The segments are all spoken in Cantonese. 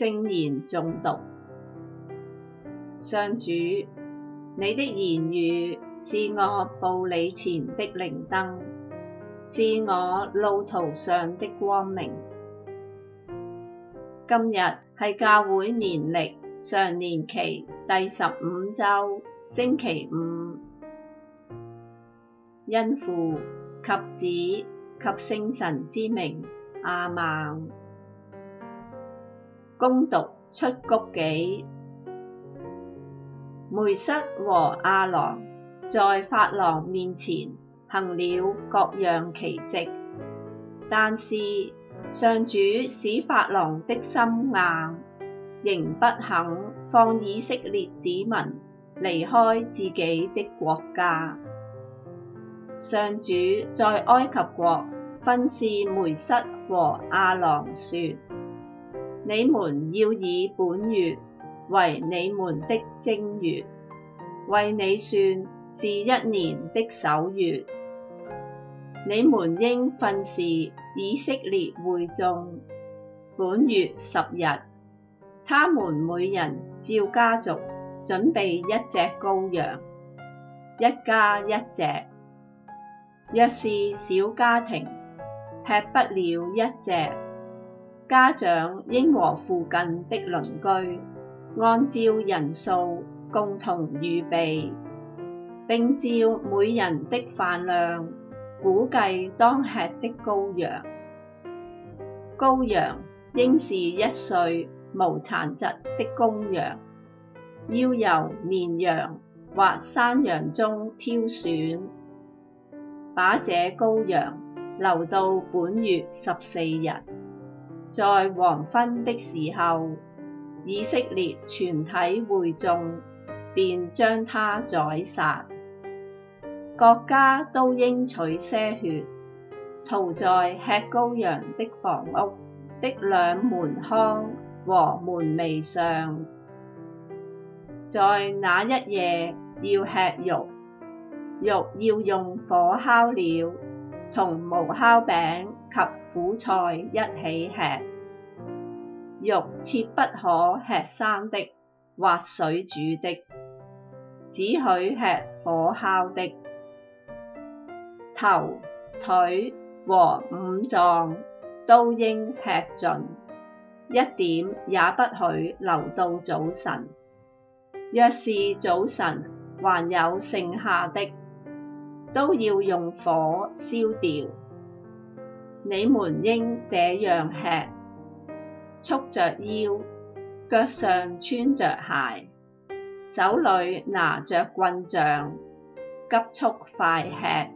聖言誦讀。上主，你的言語是我步履前的靈燈，是我路途上的光明。今日係教會年曆常年期第十五周星期五，因父及子及聖神之名，亞孟。恭讀出谷紀，梅瑟和亞郎在法郎面前行了各樣奇蹟，但是上主使法郎的心硬，仍不肯放以色列子民離開自己的國家。上主在埃及國訓示梅瑟和亞郎說。你們要以本月為你們的正月，為你算是一年的首月。你們應訓示以色列會眾，本月十日，他們每人照家族準備一隻羔羊，一家一隻。若是小家庭，吃不了一隻。家長應和附近的鄰居按照人數共同預備，並照每人的飯量估計當吃的羔羊。羔羊應是一歲無殘疾的公羊，要由綿羊或山羊中挑選，把這羔羊留到本月十四日。在黃昏的時候，以色列全體會眾便將它宰殺，各家都應取些血塗在吃羔羊的房屋的兩門框和門楣上。在那一夜要吃肉，肉要用火烤了，同無酵餅。苦菜一起吃，肉切不可吃生的或水煮的，只許吃火烤的。頭、腿和五臟都應吃盡，一點也不許留到早晨。若是早晨還有剩下的，都要用火燒掉。你們應這樣吃，束着腰，腳上穿著鞋，手裏拿著棍杖，急速快吃。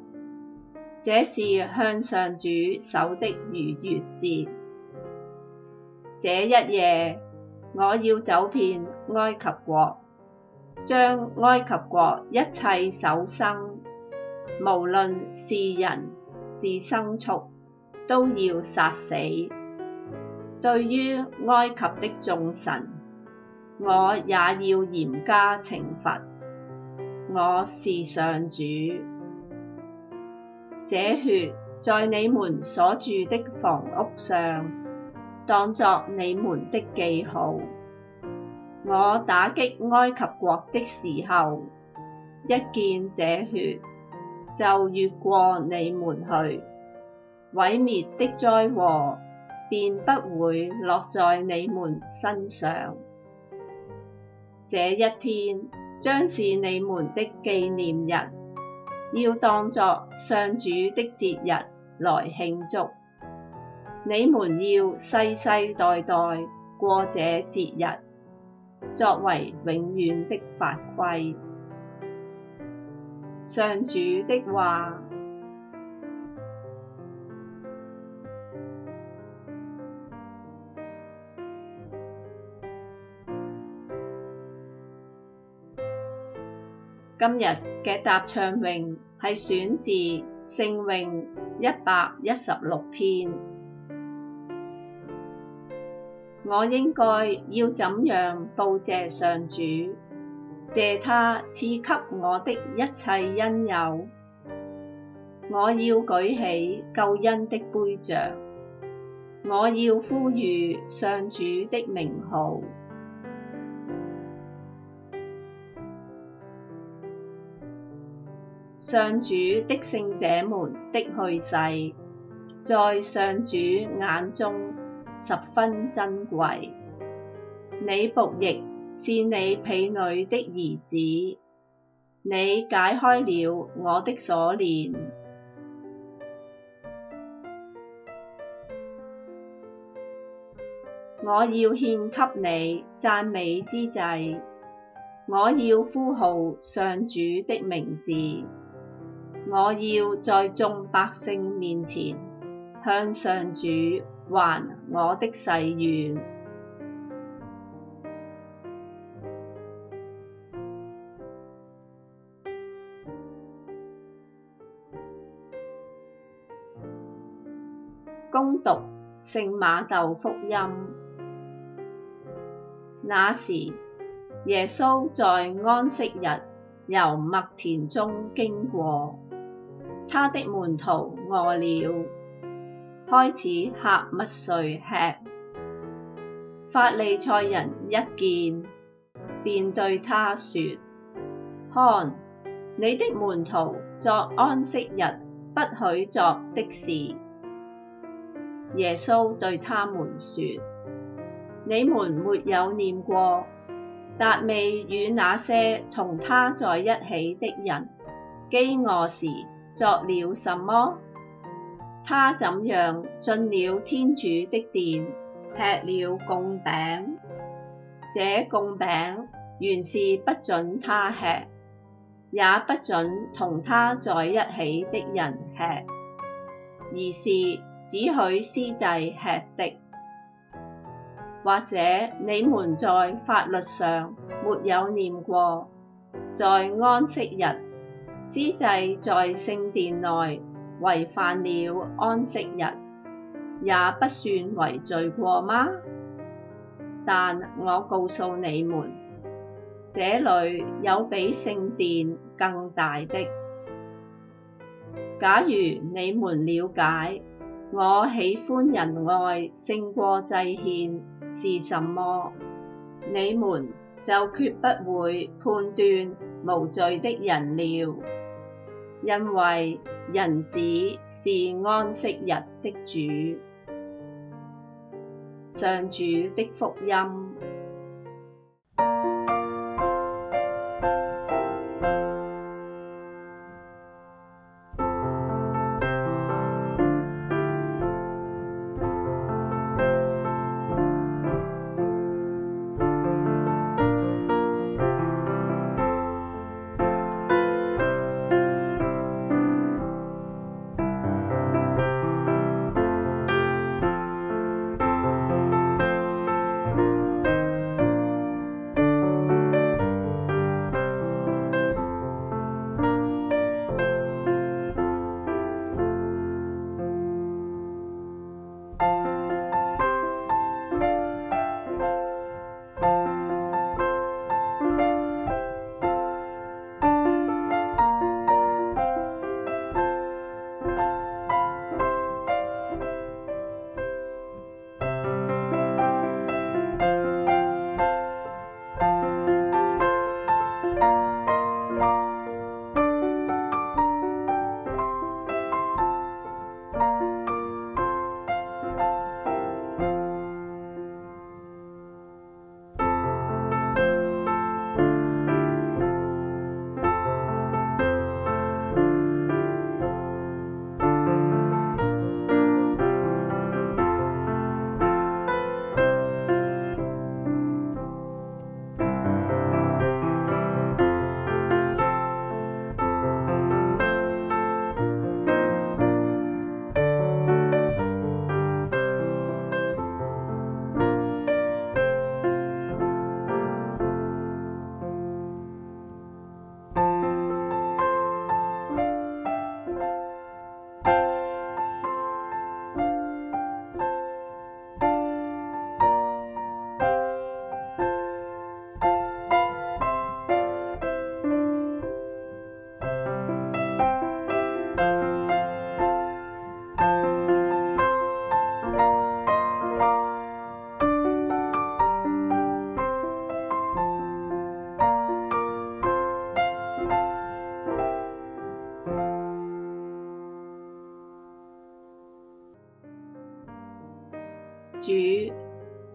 這是向上主守的逾越節。這一夜，我要走遍埃及國，將埃及國一切首生，無論是人是牲畜，都要殺死。對於埃及的眾神，我也要嚴加懲罰。我是上主。這血在你們所住的房屋上，當作你們的記號。我打擊埃及國的時候，一見這血，就越過你們去。毀滅的災禍便不會落在你們身上。這一天將是你們的紀念日，要當作上主的節日來慶祝。你們要世世代代過這節日，作為永遠的法規。上主的話。今日嘅答唱詠係選自聖詠一百一十六篇。我應該要怎樣報謝上主？謝他賜給我的一切恩佑。我要舉起救恩的杯爵，我要呼籲上主的名號。上主的聖者們的去世，在上主眼中十分珍貴。你僕役是你婢女的兒子，你解開了我的鎖鏈。我要獻給你讚美之祭，我要呼號上主的名字。我要在眾百姓面前，向上主還我的誓願。公讀《聖馬豆福音》：那時，耶穌在安息日由麥田中經過。他的門徒餓了，開始掐麥穗吃。法利塞人一見，便對他說：看，你的門徒作安息日不許作的事。耶穌對他們說：你們沒有念過達味與那些同他在一起的人飢餓時，作了什麼？他怎樣進了天主的殿，吃了供餅？這供餅原是不准他吃，也不准同他在一起的人吃，而是只許司祭吃的。或者你們在法律上沒有念過，在安息日。司祭在聖殿內違犯了安息日，也不算為罪過嗎？但我告訴你們，這裡有比聖殿更大的。假如你們瞭解我喜歡仁愛勝過祭獻是什麼，你們就決不會判斷無罪的人了，因為人子是安息日的主。上主的福音。